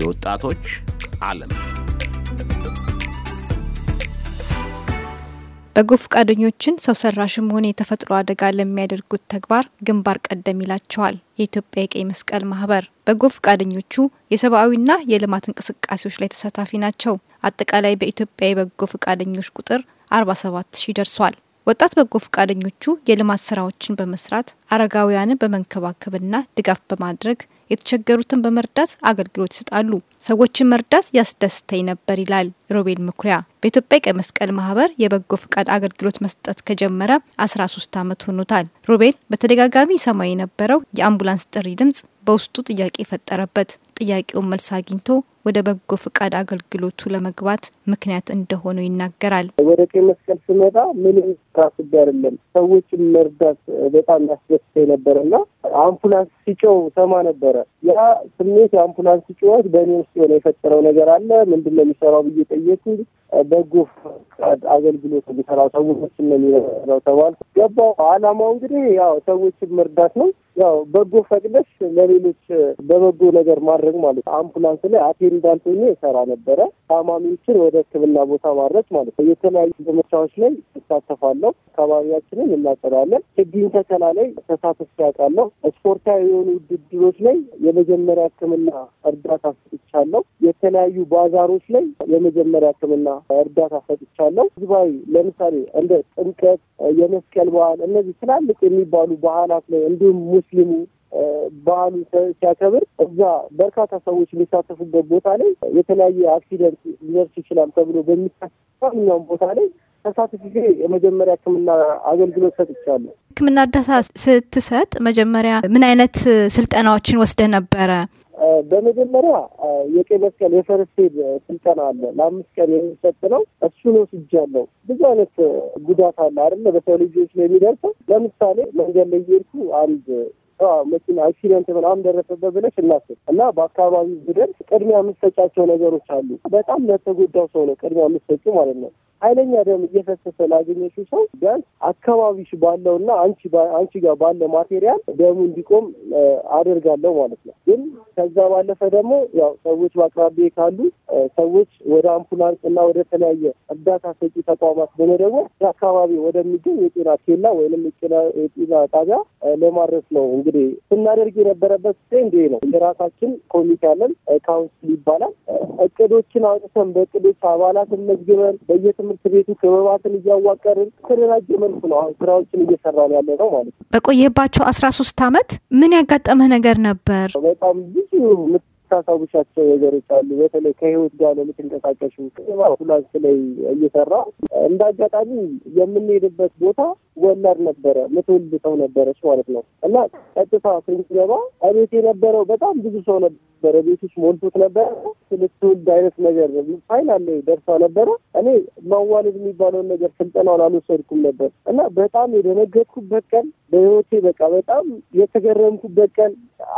የወጣቶች ዓለም በጎ ፈቃደኞችን ሰው ሰራሽም ሆነ የተፈጥሮ አደጋ ለሚያደርጉት ተግባር ግንባር ቀደም ይላቸዋል የኢትዮጵያ የቀይ መስቀል ማህበር። በጎ ፈቃደኞቹ የሰብአዊና የልማት እንቅስቃሴዎች ላይ ተሳታፊ ናቸው። አጠቃላይ በኢትዮጵያ የበጎ ፈቃደኞች ቁጥር 47 ሺህ ደርሷል። ወጣት በጎ ፈቃደኞቹ የልማት ስራዎችን በመስራት አረጋውያንን በመንከባከብና ድጋፍ በማድረግ የተቸገሩትን በመርዳት አገልግሎት ይሰጣሉ። ሰዎችን መርዳት ያስደስተኝ ነበር ይላል ሮቤል ምኩሪያ። በኢትዮጵያ ቀይ መስቀል ማህበር የበጎ ፍቃድ አገልግሎት መስጠት ከጀመረ 13 ዓመት ሆኖታል። ሮቤል በተደጋጋሚ ሰማይ የነበረው የአምቡላንስ ጥሪ ድምፅ በውስጡ ጥያቄ ፈጠረበት። ጥያቄውን መልስ አግኝቶ ወደ በጎ ፍቃድ አገልግሎቱ ለመግባት ምክንያት እንደሆኑ ይናገራል። ወደ ቀይ መስቀል ስመጣ ምንም ታስቤ አይደለም። ሰዎችን መርዳት በጣም ያስደስተኝ ነበር እና አምቡላንስ ሲጮው ሰማ ነበረ። ያ ስሜት የአምቡላንስ ሲጮዎች በእኔ ውስጥ የሆነ የፈጠረው ነገር አለ። ምንድን ነው የሚሰራው ብዬ ጠየኩኝ። በጎ ፍቃድ አገልግሎት የሚሰራው ሰዎችን ነው የሚረዳው ተባልኩ። ገባሁ። አላማው እንግዲህ ያው ሰዎችን መርዳት ነው። ያው በጎ ፈቅደሽ ለሌሎች በበጎ ነገር ማድረግ ማለት አምቡላንስ ላይ አቴን እንዳልኩኝ የሰራ ነበረ። ታማሚዎችን ወደ ሕክምና ቦታ ማድረስ ማለት ነው። የተለያዩ ዘመቻዎች ላይ እሳተፋለሁ። አካባቢያችንን እናጸዳለን። ችግኝ ተከላ ላይ ተሳትፌ አውቃለሁ። ስፖርታዊ የሆኑ ውድድሮች ላይ የመጀመሪያ ሕክምና እርዳታ ሰጥቻለሁ። የተለያዩ ባዛሮች ላይ የመጀመሪያ ሕክምና እርዳታ ሰጥቻለሁ። ህዝባዊ ለምሳሌ እንደ ጥምቀት፣ የመስቀል በዓል እነዚህ ትላልቅ የሚባሉ ባህላት ላይ እንዲሁም ሙስሊሙ በዓሉ ሲያከብር እዛ በርካታ ሰዎች የሚሳተፉበት ቦታ ላይ የተለያየ አክሲደንት ሊደርስ ይችላል ተብሎ በሚታኛውም ቦታ ላይ ጊዜ የመጀመሪያ ሕክምና አገልግሎት ሰጥቻለሁ። ሕክምና እርዳታ ስትሰጥ መጀመሪያ ምን አይነት ስልጠናዎችን ወስደ ነበረ? በመጀመሪያ የቀይ መስቀል የፈርስት ስልጠና አለ ለአምስት ቀን የሚሰጥ ነው። እሱን ወስጃለሁ። ብዙ አይነት ጉዳት አለ አይደለ በሰው ልጆች ላይ የሚደርሰው። ለምሳሌ መንገድ ላይ እየሄድኩ አንድ መኪና አክሲደንት ምናምን ደረሰበት ብለሽ እናስብ እና በአካባቢው ብደርስ ቅድሚያ የምትሰጫቸው ነገሮች አሉ። በጣም ለተጎዳው ሰው ነው ቅድሚያ የምትሰጪው ማለት ነው። ኃይለኛ ደም እየፈሰሰ ላገኘሽው ሰው ቢያንስ አካባቢሽ ባለውና አንቺ አንቺ ጋር ባለ ማቴሪያል ደሙ እንዲቆም አደርጋለሁ ማለት ነው። ግን ከዛ ባለፈ ደግሞ ያው ሰዎች በአቅራቢያ ካሉ ሰዎች ወደ አምቡላንስ እና ወደ ተለያየ እርዳታ ሰጪ ተቋማት በመደወል አካባቢ ወደሚገኝ የጤና ኬላ ወይም የጤና ጣቢያ ለማድረስ ነው። እንግዲህ ስናደርግ የነበረበት ትሬንድ ነው። የራሳችን ኮሚቴ አለን፣ ካውንስል ይባላል። እቅዶችን አውጥተን በእቅዶች አባላትን መዝግበን በየትምህርት ትምህርት ቤቱ ክበባትን እያዋቀርን ተደራጀ መልኩ ነው አሁን ስራዎችን እየሰራ ነው ያለ ነው ማለት ነው። በቆየባቸው አስራ ሶስት አመት ምን ያጋጠመህ ነገር ነበር? በጣም ብዙ የምታሳውሻቸው ነገሮች አሉ። በተለይ ከህይወት ጋር ነው የምትንቀሳቀሱ። አምቡላንስ ላይ እየሰራ እንደ አጋጣሚ የምንሄድበት ቦታ ወላድ ነበረ ምትውልድ ሰው ነበረች ማለት ነው። እና ቀጥታ ስንገባ እቤት የነበረው በጣም ብዙ ሰው ነበረ። ቤቶች ሞልቶት ነበረ። ስልትውልድ አይነት ነገር ፋይል አለ ደርሳ ነበረ። እኔ ማዋለድ የሚባለውን ነገር ስልጠናውን አልወሰድኩም ነበር እና በጣም የደነገጥኩበት ቀን በህይወቴ በቃ በጣም የተገረምኩበት ቀን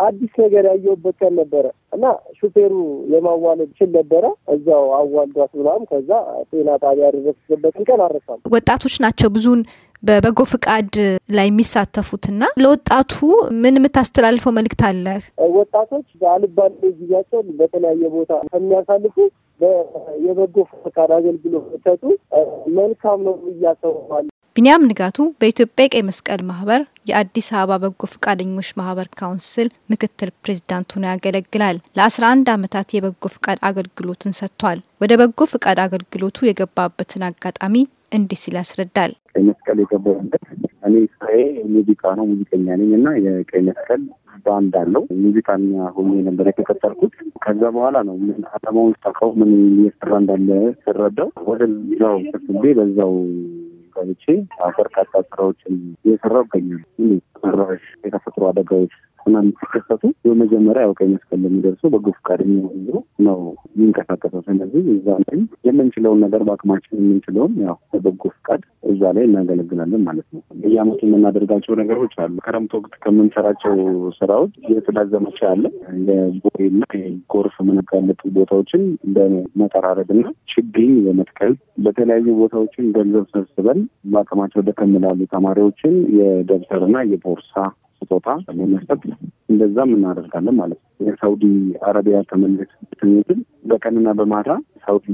አዲስ ነገር ያየሁበት ቀን ነበረ እና ሹፌሩ የማዋለድ ችል ነበረ እዛው አዋልዷት ምናምን ከዛ ጤና ጣቢያ ያደረስበትን ቀን አረሳም። ወጣቶች ናቸው ብዙን በበጎ ፍቃድ ላይ የሚሳተፉትና ለወጣቱ ምን የምታስተላልፈው መልእክት አለ? ወጣቶች በአልባሌ ጊዜያቸው በተለያየ ቦታ ከሚያሳልፉ የበጎ ፍቃድ አገልግሎት ሰጡ መልካም ነው እያሰባል። ቢንያም ንጋቱ በኢትዮጵያ ቀይ መስቀል ማህበር የአዲስ አበባ በጎ ፈቃደኞች ማህበር ካውንስል ምክትል ፕሬዚዳንት ሆኖ ያገለግላል። ለ11 ዓመታት የበጎ ፍቃድ አገልግሎትን ሰጥቷል። ወደ በጎ ፍቃድ አገልግሎቱ የገባበትን አጋጣሚ እንዲህ ሲል ያስረዳል። ቀይ መስቀል የገባሁበት እኔ ስራዬ ሙዚቃ ነው፣ ሙዚቀኛ ነኝ እና የቀይ መስቀል ባንድ አለው ሙዚቃኛ ሆኜ ነበር የተቀጠርኩት። ከዛ በኋላ ነው ምን አላማውን ሳካው ምን እየሰራ እንዳለ ስረዳው ወደዛው ክፍሌ በዛው ገብቼ በርካታ ስራዎችን እየሰራው እገኛለሁ። ራሽ የተፈጥሮ አደጋዎች ህመም የሚከሰቱ በመጀመሪያ ያው ቀይ መስቀል የሚደርሰው በጎ ፈቃደኛ ሆኖ ነው የሚንቀሳቀሰው። ስለዚህ እዛ ላይ የምንችለውን ነገር በአቅማችን የምንችለውን ያው በበጎ ፈቃድ እዛ ላይ እናገለግላለን ማለት ነው። በየአመቱ የምናደርጋቸው ነገሮች አሉ። ክረምት ወቅት ከምንሰራቸው ስራዎች የጽዳት ዘመቻ አለ። የቦይና የጎርፍ የምንጋለጡ ቦታዎችን በመጠራረግና ችግኝ በመትከል በተለያዩ ቦታዎችን ገንዘብ ሰብስበን በአቅማቸው ደከም ላሉ ተማሪዎችን የደብተርና የቦርሳ ስጦታ መስጠት እንደዛም እናደርጋለን ማለት ነው። የሳውዲ አረቢያ ተመልክ ትኝትን በቀንና በማታ ሳውዲ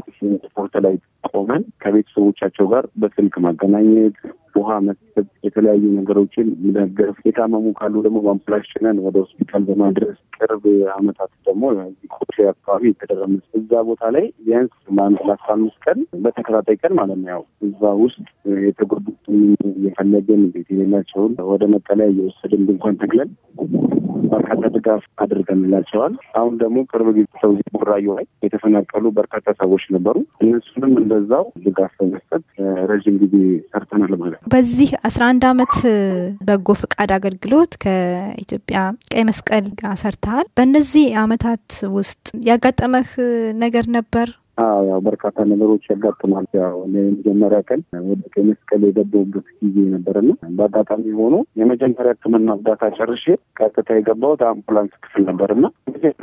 ስፖርት ላይ ቆመን ከቤተሰቦቻቸው ጋር በስልክ ማገናኘት ውሃ መስጠት፣ የተለያዩ ነገሮችን መደገፍ፣ የታመሙ ካሉ ደግሞ በአምቡላንስ ጭነን ወደ ሆስፒታል በማድረስ ቅርብ አመታት ደግሞ ቁጥ አካባቢ የተደረመ እዛ ቦታ ላይ ቢያንስ ማን ለአስራ አምስት ቀን በተከታታይ ቀን ማለት ነው ያው እዛ ውስጥ የተጎዱትን እየፈለግን ቤት የሌላቸውን ወደ መጠለያ እየወሰድን ድንኳን ተክለን በርካታ ድጋፍ አድርገንላቸዋል። አሁን ደግሞ ቅርብ ጊዜ ሰውዚህ ቡራዩ ላይ የተፈናቀሉ በርካታ ሰዎች ነበሩ። እነሱንም እንደዛው ድጋፍ በመስጠት ረዥም ጊዜ ሰርተናል ማለት ነው። በዚህ አስራ አንድ አመት በጎ ፈቃድ አገልግሎት ከኢትዮጵያ ቀይ መስቀል ጋር ሰርተሃል። በእነዚህ አመታት ውስጥ ያጋጠመህ ነገር ነበር? ያው በርካታ ነገሮች ያጋጥማል። ያው የመጀመሪያ ቀን ወደ ቀይ መስቀል የገባሁበት ጊዜ ነበርና በአጋጣሚ ሆኖ የመጀመሪያ ሕክምና እርዳታ ጨርሼ ቀጥታ የገባሁት አምቡላንስ ክፍል ነበርና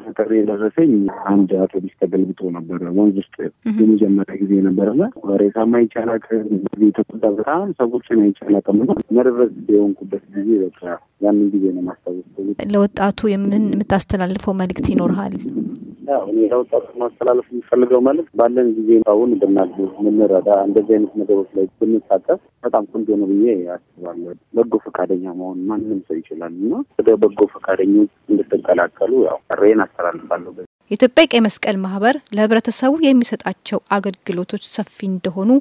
ተጠሪ የደረሰኝ አንድ አውቶቡስ ተገልብጦ ነበረ ወንዝ ውስጥ የመጀመሪያ ጊዜ ነበርና ሬሳም አይቻላቅ የተጎዳ በጣም ሰዎችን አይቻላቅምና ነርቨስ የሆንኩበት ጊዜ በቃ ያንን ጊዜ ነው ማስታወስ። ለወጣቱ የምን የምታስተላልፈው መልእክት ይኖርሃል? ሁኔታው ጠቅ ማስተላለፍ የሚፈልገው ማለት ባለን ጊዜ ሁን ብናግዝ፣ ምንረዳ እንደዚህ አይነት ነገሮች ላይ ብንሳተፍ በጣም ቆንጆ ነው ብዬ አስባለሁ። በጎ ፈቃደኛ መሆን ማንም ሰው ይችላል እና ወደ በጎ ፈቃደኞች እንድትቀላቀሉ ያው ጥሬን አስተላልፋለሁ። የኢትዮጵያ ቀይ መስቀል ማህበር ለህብረተሰቡ የሚሰጣቸው አገልግሎቶች ሰፊ እንደሆኑ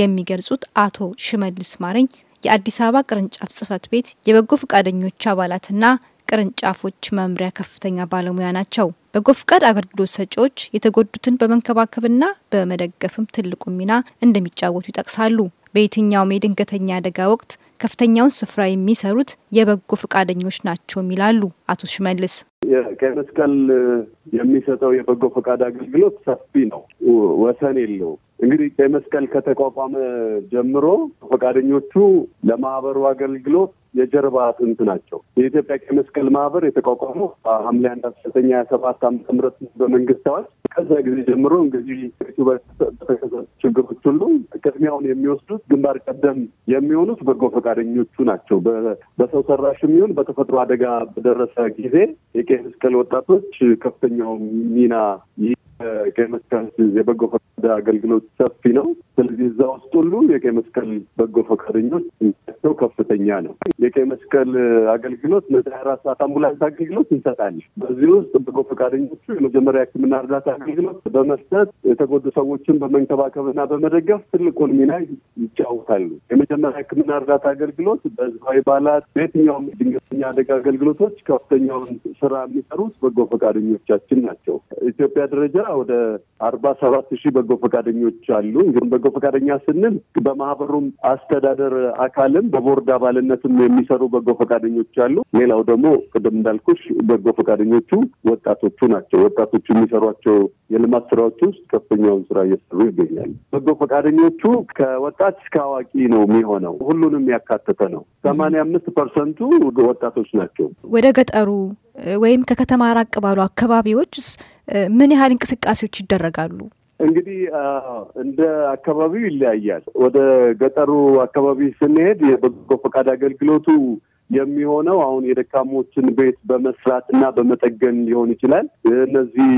የሚገልጹት አቶ ሽመልስ ማረኝ የአዲስ አበባ ቅርንጫፍ ጽህፈት ቤት የበጎ ፈቃደኞች አባላትና ቅርንጫፎች መምሪያ ከፍተኛ ባለሙያ ናቸው። በጎ ፍቃድ አገልግሎት ሰጪዎች የተጎዱትን በመንከባከብና በመደገፍም ትልቁ ሚና እንደሚጫወቱ ይጠቅሳሉ። በየትኛውም የድንገተኛ አደጋ ወቅት ከፍተኛውን ስፍራ የሚሰሩት የበጎ ፈቃደኞች ናቸውም ይላሉ አቶ ሽመልስ። የቀይ መስቀል የሚሰጠው የበጎ ፈቃድ አገልግሎት ሰፊ ነው፣ ወሰን የለው። እንግዲህ ቀይ መስቀል ከተቋቋመ ጀምሮ ፈቃደኞቹ ለማህበሩ አገልግሎት የጀርባ አጥንት ናቸው። የኢትዮጵያ ቀይ መስቀል ማህበር የተቋቋመው ሐምሌ አንድ አስራ ዘጠኝ ሀያ ሰባት ዓመተ ምህረት በመንግስት አዋጅ ከዛ ጊዜ ጀምሮ እንግዲህ በተከሰቱ ችግሮች ሁሉ ቅድሚያውን የሚወስዱት ግንባር ቀደም የሚሆኑት በጎ ፈቃደኞቹ ናቸው። በሰው ሰራሽ የሚሆን በተፈጥሮ አደጋ በደረሰ ጊዜ የቀይ መስቀል ወጣቶች ከፍተኛው ሚና ይህ ቀይ መስቀል የበጎ አገልግሎት ሰፊ ነው። ስለዚህ እዛ ውስጥ ሁሉ የቀይ መስቀል በጎ ፈቃደኞች ሚቸው ከፍተኛ ነው። የቀይ መስቀል አገልግሎት ነዛ አራት ሰዓት አምቡላንስ አገልግሎት እንሰጣለን። በዚህ ውስጥ በጎ ፈቃደኞቹ የመጀመሪያ ሕክምና እርዳታ አገልግሎት በመስጠት የተጎዱ ሰዎችን በመንከባከብና በመደገፍ ትልቁን ሚና ይጫወታሉ። የመጀመሪያ ሕክምና እርዳታ አገልግሎት በህዝባዊ በዓላት፣ በየትኛውም ድንገተኛ አደጋ አገልግሎቶች ከፍተኛውን ስራ የሚሰሩት በጎ ፈቃደኞቻችን ናቸው። ኢትዮጵያ ደረጃ ወደ አርባ ሰባት ሺህ በጎ በጎ ፈቃደኞች አሉ። እንግዲህ በጎ ፈቃደኛ ስንል በማህበሩም አስተዳደር አካልም በቦርድ አባልነትም የሚሰሩ በጎ ፈቃደኞች አሉ። ሌላው ደግሞ ቅድም እንዳልኩሽ በጎ ፈቃደኞቹ ወጣቶቹ ናቸው። ወጣቶቹ የሚሰሯቸው የልማት ስራዎች ውስጥ ከፍተኛውን ስራ እየሰሩ ይገኛሉ። በጎ ፈቃደኞቹ ከወጣት እስከ አዋቂ ነው የሚሆነው። ሁሉንም ያካተተ ነው። ሰማንያ አምስት ፐርሰንቱ ወጣቶች ናቸው። ወደ ገጠሩ ወይም ከከተማ ራቅ ባሉ አካባቢዎችስ ምን ያህል እንቅስቃሴዎች ይደረጋሉ? እንግዲህ እንደ አካባቢው ይለያያል። ወደ ገጠሩ አካባቢ ስንሄድ የበጎ ፈቃድ አገልግሎቱ የሚሆነው አሁን የደካሞችን ቤት በመስራት እና በመጠገን ሊሆን ይችላል። እነዚህ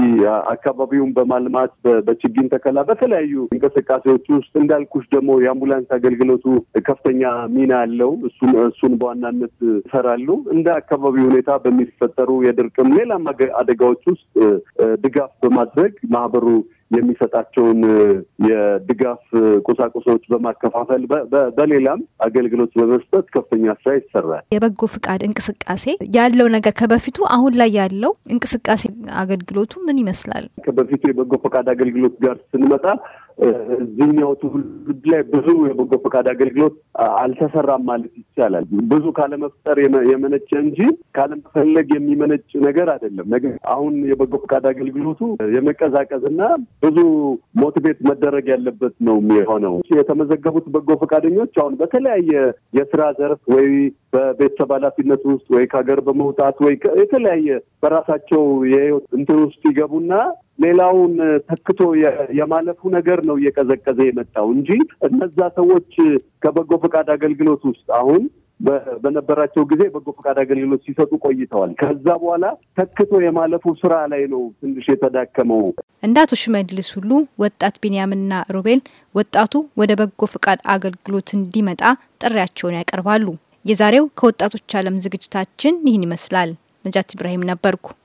አካባቢውን በማልማት በችግኝ ተከላ፣ በተለያዩ እንቅስቃሴዎች ውስጥ እንዳልኩሽ ደግሞ የአምቡላንስ አገልግሎቱ ከፍተኛ ሚና አለው። እሱን በዋናነት ይሰራሉ። እንደ አካባቢ ሁኔታ በሚፈጠሩ የድርቅም ሌላም አደጋዎች ውስጥ ድጋፍ በማድረግ ማህበሩ የሚሰጣቸውን የድጋፍ ቁሳቁሶች በማከፋፈል በሌላም አገልግሎት በመስጠት ከፍተኛ ስራ ይሰራል። የበጎ ፍቃድ እንቅስቃሴ ያለው ነገር ከበፊቱ አሁን ላይ ያለው እንቅስቃሴ አገልግሎቱ ምን ይመስላል? ከበፊቱ የበጎ ፈቃድ አገልግሎት ጋር ስንመጣ እዚህኛው ትውልድ ላይ ብዙ የበጎ ፈቃድ አገልግሎት አልተሰራም ማለት ይቻላል። ብዙ ካለመፍጠር የመነጨ እንጂ ካለመፈለግ የሚመነጭ ነገር አይደለም። ነገር አሁን የበጎ ፈቃድ አገልግሎቱ የመቀዛቀዝ እና ብዙ ሞቲቬት መደረግ ያለበት ነው የሆነው። የተመዘገቡት በጎ ፈቃደኞች አሁን በተለያየ የስራ ዘርፍ ወይ በቤተሰብ ኃላፊነት ውስጥ ወይ ከሀገር በመውጣት ወይ የተለያየ በራሳቸው የህይወት እንትን ውስጥ ይገቡና ሌላውን ተክቶ የማለፉ ነገር ነው እየቀዘቀዘ የመጣው እንጂ እነዛ ሰዎች ከበጎ ፈቃድ አገልግሎት ውስጥ አሁን በነበራቸው ጊዜ በጎ ፈቃድ አገልግሎት ሲሰጡ ቆይተዋል። ከዛ በኋላ ተክቶ የማለፉ ስራ ላይ ነው ትንሽ የተዳከመው። እንደ አቶ ሽመልስ ሁሉ ወጣት ቢንያምና ሮቤል ወጣቱ ወደ በጎ ፈቃድ አገልግሎት እንዲመጣ ጥሪያቸውን ያቀርባሉ። የዛሬው ከወጣቶች አለም ዝግጅታችን ይህን ይመስላል። ነጃት ኢብራሂም ነበርኩ።